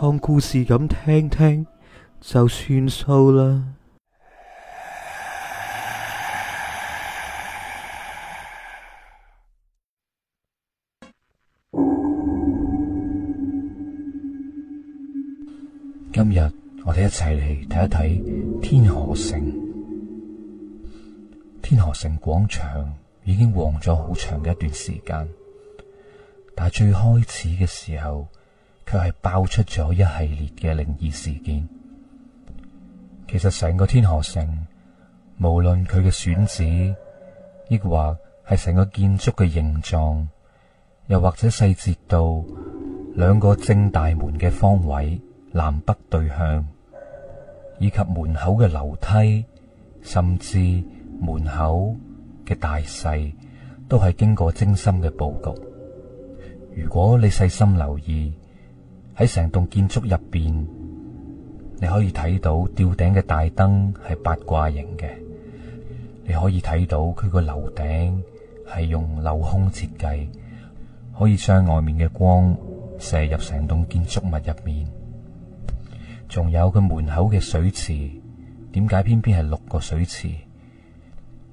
當故事咁聽聽就算數啦。今日我哋一齊嚟睇一睇天河城。天河城廣場已經旺咗好長嘅一段時間，但係最開始嘅時候。佢係爆出咗一系列嘅靈異事件。其實成個天河城，無論佢嘅選址，亦或係成個建築嘅形狀，又或者細節到兩個正大門嘅方位南北對向，以及門口嘅樓梯，甚至門口嘅大細，都係經過精心嘅布局。如果你細心留意。喺成棟建築入邊，你可以睇到吊頂嘅大燈係八卦形嘅。你可以睇到佢個樓頂係用鏤空設計，可以將外面嘅光射入成棟建築物入面。仲有佢門口嘅水池，點解偏偏係六個水池？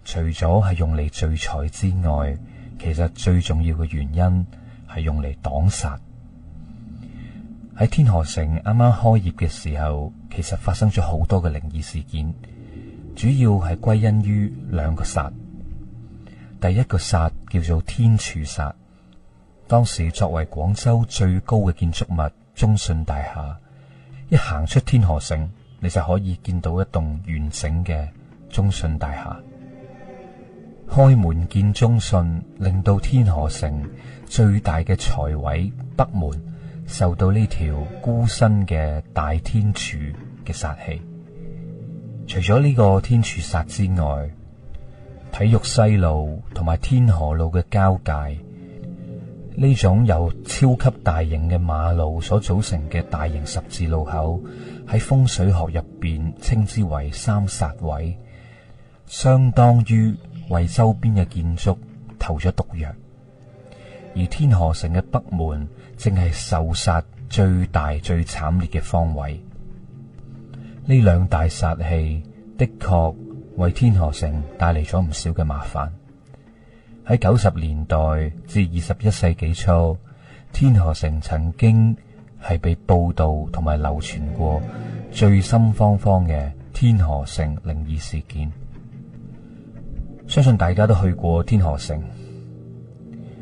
除咗係用嚟聚財之外，其實最重要嘅原因係用嚟擋煞。喺天河城啱啱開業嘅時候，其實發生咗好多嘅靈異事件，主要係歸因於兩個煞。第一個煞叫做天柱煞，當時作為廣州最高嘅建築物中信大廈，一行出天河城，你就可以見到一棟完整嘅中信大廈。開門見中信，令到天河城最大嘅財位北門。受到呢條孤身嘅大天柱嘅煞氣，除咗呢個天柱煞之外，體育西路同埋天河路嘅交界，呢種由超級大型嘅馬路所組成嘅大型十字路口，喺風水學入邊稱之為三煞位，相當於為周邊嘅建築投咗毒藥。而天河城嘅北門正係受殺最大最慘烈嘅方位。呢兩大殺氣的確為天河城帶嚟咗唔少嘅麻煩。喺九十年代至二十一世紀初，天河城曾經係被報道同埋流傳過最心慌慌嘅天河城靈異事件。相信大家都去過天河城。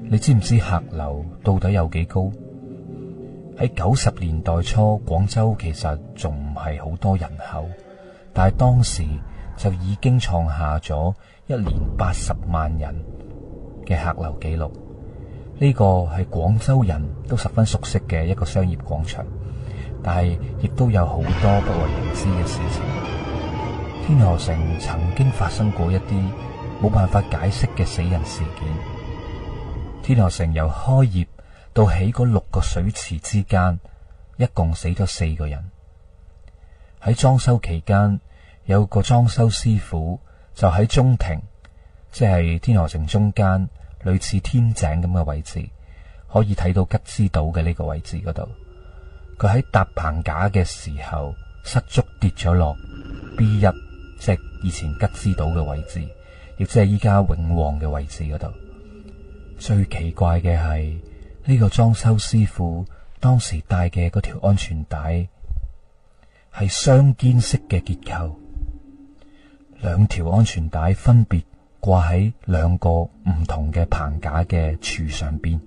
你知唔知客流到底有幾高？喺九十年代初，廣州其實仲唔係好多人口，但係當時就已經創下咗一年八十萬人嘅客流記錄。呢個係廣州人都十分熟悉嘅一個商業廣場，但係亦都有好多不為人知嘅事情。天河城曾經發生過一啲冇辦法解釋嘅死人事件。天河城由開業到起嗰六個水池之間，一共死咗四個人。喺裝修期間，有個裝修師傅就喺中庭，即係天河城中間類似天井咁嘅位置，可以睇到吉之島嘅呢個位置嗰度。佢喺搭棚架嘅時候失足跌咗落 B1，即係以前吉之島嘅位置，亦即係依家永旺嘅位置嗰度。最奇怪嘅係呢個裝修師傅當時戴嘅嗰條安全帶係雙肩式嘅結構，兩條安全帶分別掛喺兩個唔同嘅棚架嘅柱上邊，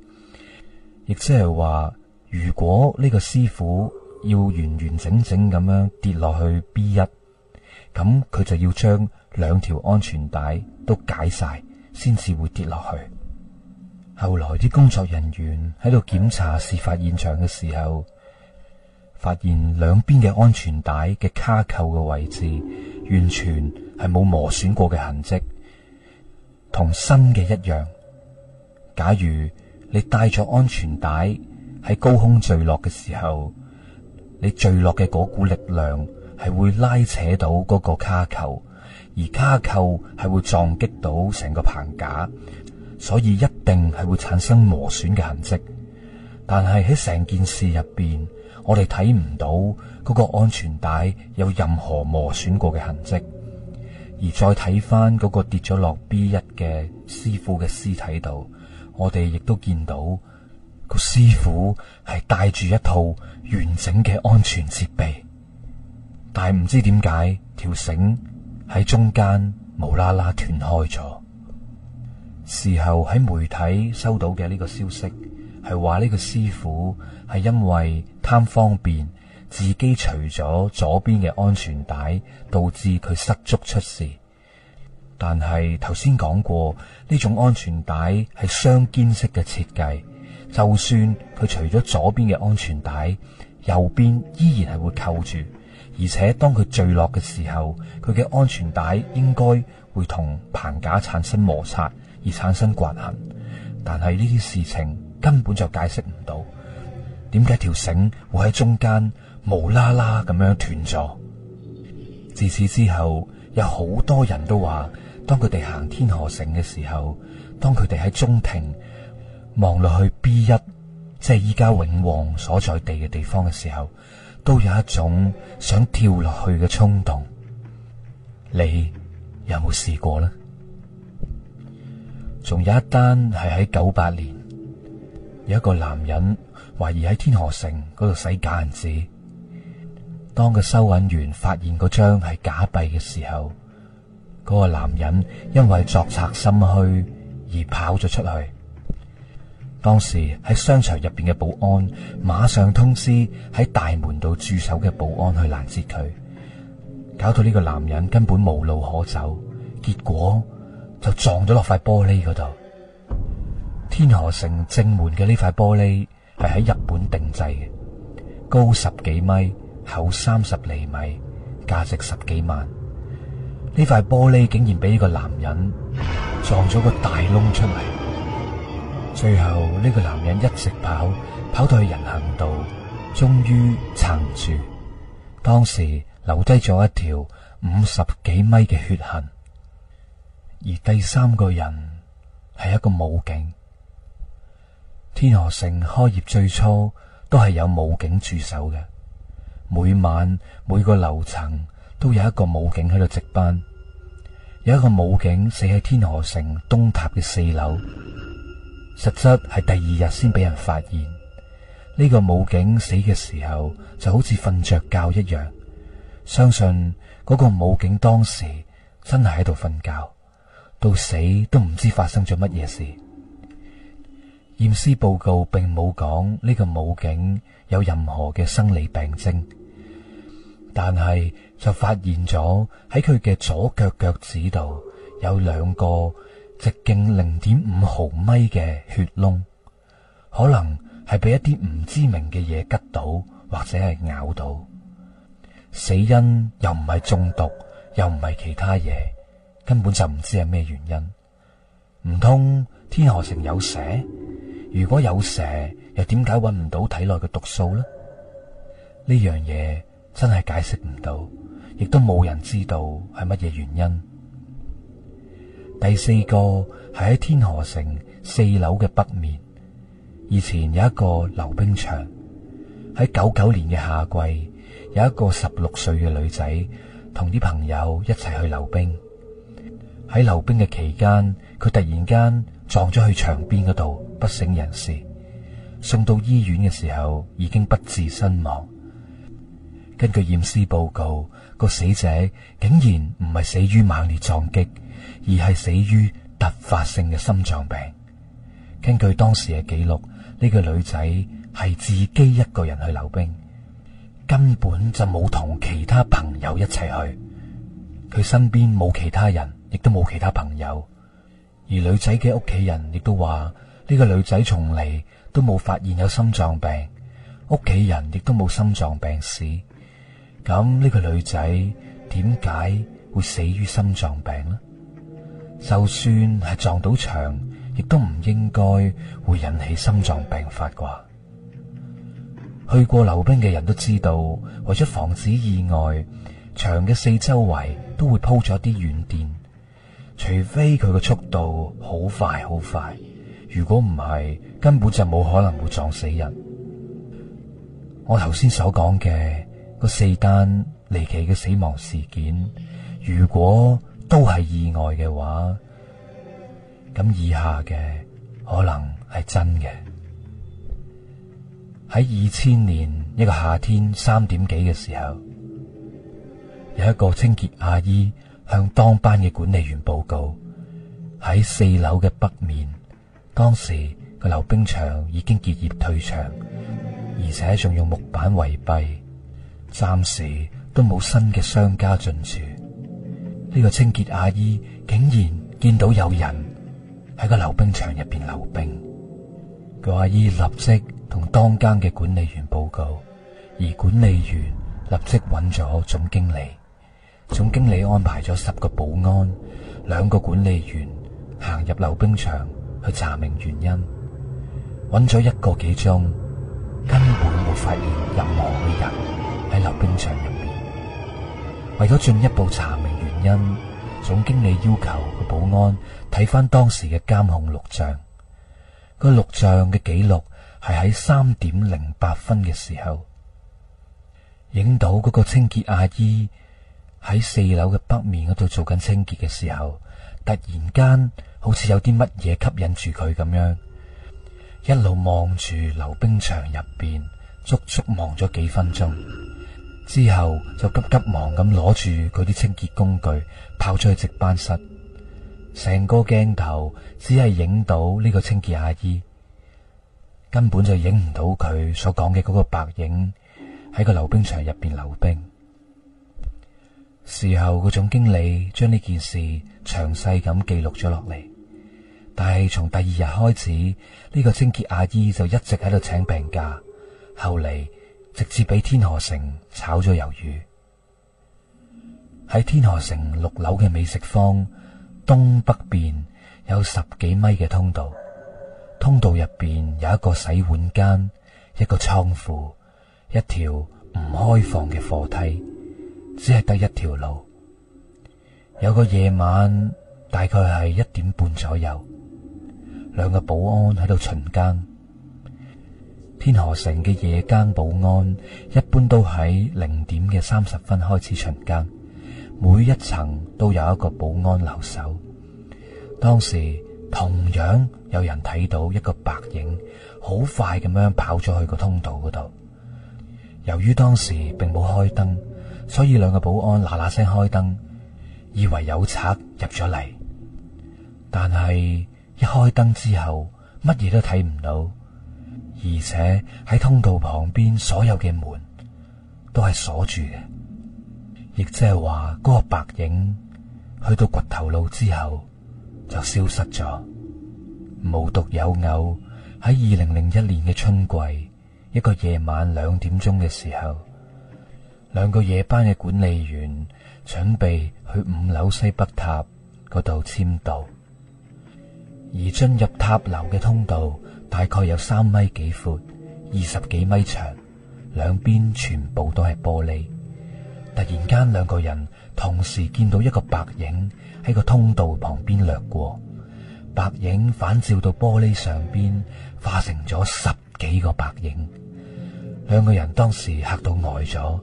亦即係話，如果呢個師傅要完完整整咁樣跌落去 B 一，咁佢就要將兩條安全帶都解晒，先至會跌落去。後來啲工作人員喺度檢查事發現場嘅時候，發現兩邊嘅安全帶嘅卡扣嘅位置，完全係冇磨損過嘅痕跡，同新嘅一樣。假如你帶咗安全帶喺高空墜落嘅時候，你墜落嘅嗰股力量係會拉扯到嗰個卡扣，而卡扣係會撞擊到成個棚架。所以一定係會產生磨損嘅痕跡，但係喺成件事入邊，我哋睇唔到嗰個安全帶有任何磨損過嘅痕跡。而再睇翻嗰個跌咗落 B1 嘅師傅嘅屍體度，我哋亦都見到個師傅係帶住一套完整嘅安全設備，但係唔知點解條繩喺中間無啦啦斷開咗。事後喺媒體收到嘅呢個消息，係話呢個師傅係因為貪方便，自己除咗左邊嘅安全帶，導致佢失足出事。但係頭先講過呢種安全帶係雙肩式嘅設計，就算佢除咗左邊嘅安全帶，右邊依然係會扣住。而且當佢墜落嘅時候，佢嘅安全帶應該會同棚架產生摩擦。而產生刮痕，但係呢啲事情根本就解釋唔到，點解條繩會喺中間無啦啦咁樣斷咗？自此之後，有好多人都話，當佢哋行天河城嘅時候，當佢哋喺中庭望落去 B 一，即係依家永旺所在地嘅地方嘅時候，都有一種想跳落去嘅衝動。你有冇試過呢？仲有一單係喺九八年，有一個男人懷疑喺天河城嗰度洗假銀紙，當個收銀員發現嗰張係假幣嘅時候，嗰個男人因為作賊心虛而跑咗出去。當時喺商場入邊嘅保安馬上通知喺大門度駐守嘅保安去攔截佢，搞到呢個男人根本無路可走，結果。就撞咗落塊玻璃嗰度，天河城正門嘅呢塊玻璃係喺日本定制嘅，高十幾米，厚三十厘米，價值十幾萬。呢塊玻璃竟然俾呢個男人撞咗個大窿出嚟，最後呢個男人一直跑，跑到去人行道，終於撐住。當時留低咗一條五十幾米嘅血痕。而第三個人係一個武警。天河城開業最初都係有武警駐守嘅，每晚每個樓層都有一個武警喺度值班。有一個武警死喺天河城東塔嘅四樓，實質係第二日先俾人發現。呢個武警死嘅時候就好似瞓着覺一樣，相信嗰個武警當時真係喺度瞓覺。到死都唔知發生咗乜嘢事。驗屍報告並冇講呢個武警有任何嘅生理病徵，但係就發現咗喺佢嘅左腳腳趾度有兩個直徑零點五毫米嘅血窿，可能係俾一啲唔知名嘅嘢吉到，或者係咬到。死因又唔係中毒，又唔係其他嘢。根本就唔知係咩原因，唔通天河城有蛇？如果有蛇，又點解搵唔到體內嘅毒素呢？呢樣嘢真係解釋唔到，亦都冇人知道係乜嘢原因。第四個係喺天河城四樓嘅北面，以前有一個溜冰場。喺九九年嘅夏季，有一個十六歲嘅女仔同啲朋友一齊去溜冰。喺溜冰嘅期間，佢突然間撞咗去牆邊嗰度，不省人事。送到醫院嘅時候，已經不治身亡。根據驗屍報告，個死者竟然唔係死於猛烈撞擊，而係死於突發性嘅心臟病。根據當時嘅記錄，呢個女仔係自己一個人去溜冰，根本就冇同其他朋友一齊去，佢身邊冇其他人。亦都冇其他朋友，而女仔嘅屋企人亦都話呢個女仔從嚟都冇發現有心臟病，屋企人亦都冇心臟病史。咁呢個女仔點解會死於心臟病呢？就算係撞到牆，亦都唔應該會引起心臟病發啩。去過溜冰嘅人都知道，為咗防止意外，牆嘅四周圍都會鋪咗啲軟墊。除非佢個速度好快好快，如果唔係，根本就冇可能會撞死人。我頭先所講嘅嗰四單離奇嘅死亡事件，如果都係意外嘅話，咁以下嘅可能係真嘅。喺二千年一個夏天三點幾嘅時候，有一個清潔阿姨，向當班嘅管理員報告喺四樓嘅北面，當時個溜冰場已經結業退場，而且仲用木板圍閉，暫時都冇新嘅商家進駐。呢、這個清潔阿姨竟然見到有人喺個溜冰場入邊溜冰，個阿姨立即同當間嘅管理員報告，而管理員立即搵咗總經理。總經理安排咗十個保安，兩個管理員行入溜冰場去查明原因，搵咗一個幾鐘，根本冇發現任何嘅人喺溜冰場入面。為咗進一步查明原因，總經理要求個保安睇返當時嘅監控錄像。個錄像嘅記錄係喺三點零八分嘅時候影到嗰個清潔阿姨。喺四樓嘅北面嗰度做緊清潔嘅時候，突然間好似有啲乜嘢吸引住佢咁樣，一路望住溜冰場入邊，足足望咗幾分鐘之後，就急急忙咁攞住佢啲清潔工具跑出去值班室。成個鏡頭只係影到呢個清潔阿姨，根本就影唔到佢所講嘅嗰個白影喺個溜冰場入邊溜冰。事後個總經理將呢件事詳細咁記錄咗落嚟，但係從第二日開始，呢個清潔阿姨就一直喺度請病假，後嚟直接俾天河城炒咗魷魚。喺天河城六樓嘅美食坊東北邊有十幾米嘅通道，通道入邊有一個洗碗間、一個倉庫、一條唔開放嘅貨梯。只係得一條路。有個夜晚，大概係一點半左右，兩個保安喺度巡更。天河城嘅夜間保安一般都喺零點嘅三十分開始巡更，每一層都有一個保安留守。當時同樣有人睇到一個白影，好快咁樣跑咗去個通道嗰度。由於當時並冇開燈。所以兩個保安嗱嗱聲開燈，以為有賊入咗嚟，但係一開燈之後，乜嘢都睇唔到，而且喺通道旁邊所有嘅門都係鎖住嘅，亦即係話個白影去到掘頭路之後就消失咗。無獨有偶，喺二零零一年嘅春季，一個夜晚兩點鐘嘅時候，兩個夜班嘅管理員準備去五樓西北塔嗰度簽到，而進入塔樓嘅通道大概有三米幾闊，二十幾米長，兩邊全部都係玻璃。突然間，兩個人同時見到一個白影喺個通道旁邊掠過，白影反照到玻璃上邊，化成咗十幾個白影。兩個人當時嚇到呆咗。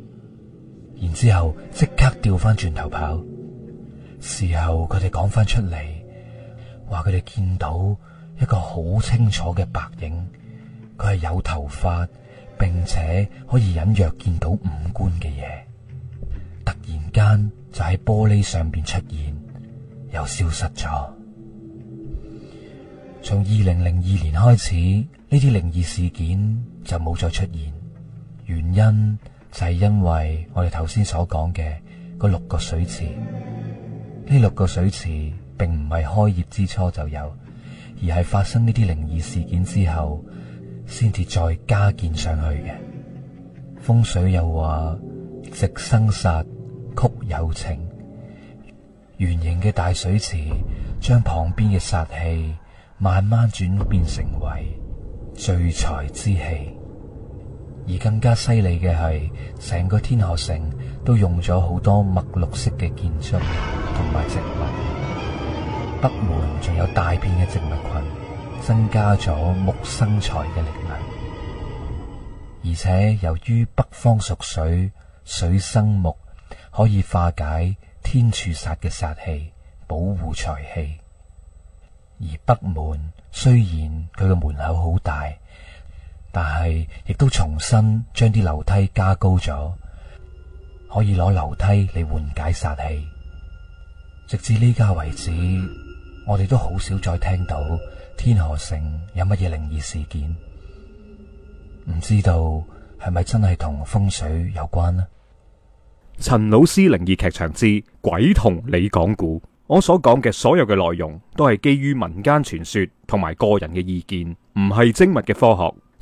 然之後即刻掉翻轉頭跑，事後佢哋講翻出嚟，話佢哋見到一個好清楚嘅白影，佢係有頭髮，並且可以隱約見到五官嘅嘢，突然間就喺玻璃上邊出現，又消失咗。從二零零二年開始，呢啲靈異事件就冇再出現，原因，就係因為我哋頭先所講嘅嗰六個水池，呢六個水池並唔係開業之初就有，而係發生呢啲靈異事件之後，先至再加建上去嘅。風水又話直生煞，曲有情，圓形嘅大水池將旁邊嘅煞氣慢慢轉變成為聚財之氣。而更加犀利嘅係，成個天河城都用咗好多墨綠色嘅建築同埋植物。北門仲有大片嘅植物群，增加咗木生財嘅力量。而且由於北方屬水，水生木，可以化解天柱煞嘅煞氣，保護財氣。而北門雖然佢嘅門口好大。但係，亦都重新將啲樓梯加高咗，可以攞樓梯嚟緩解煞氣。直至呢家為止，我哋都好少再聽到天河城有乜嘢靈異事件。唔知道係咪真係同風水有關呢？陳老師靈異劇場之「鬼同你講故」，我所講嘅所有嘅內容都係基於民間傳說同埋個人嘅意見，唔係精密嘅科學。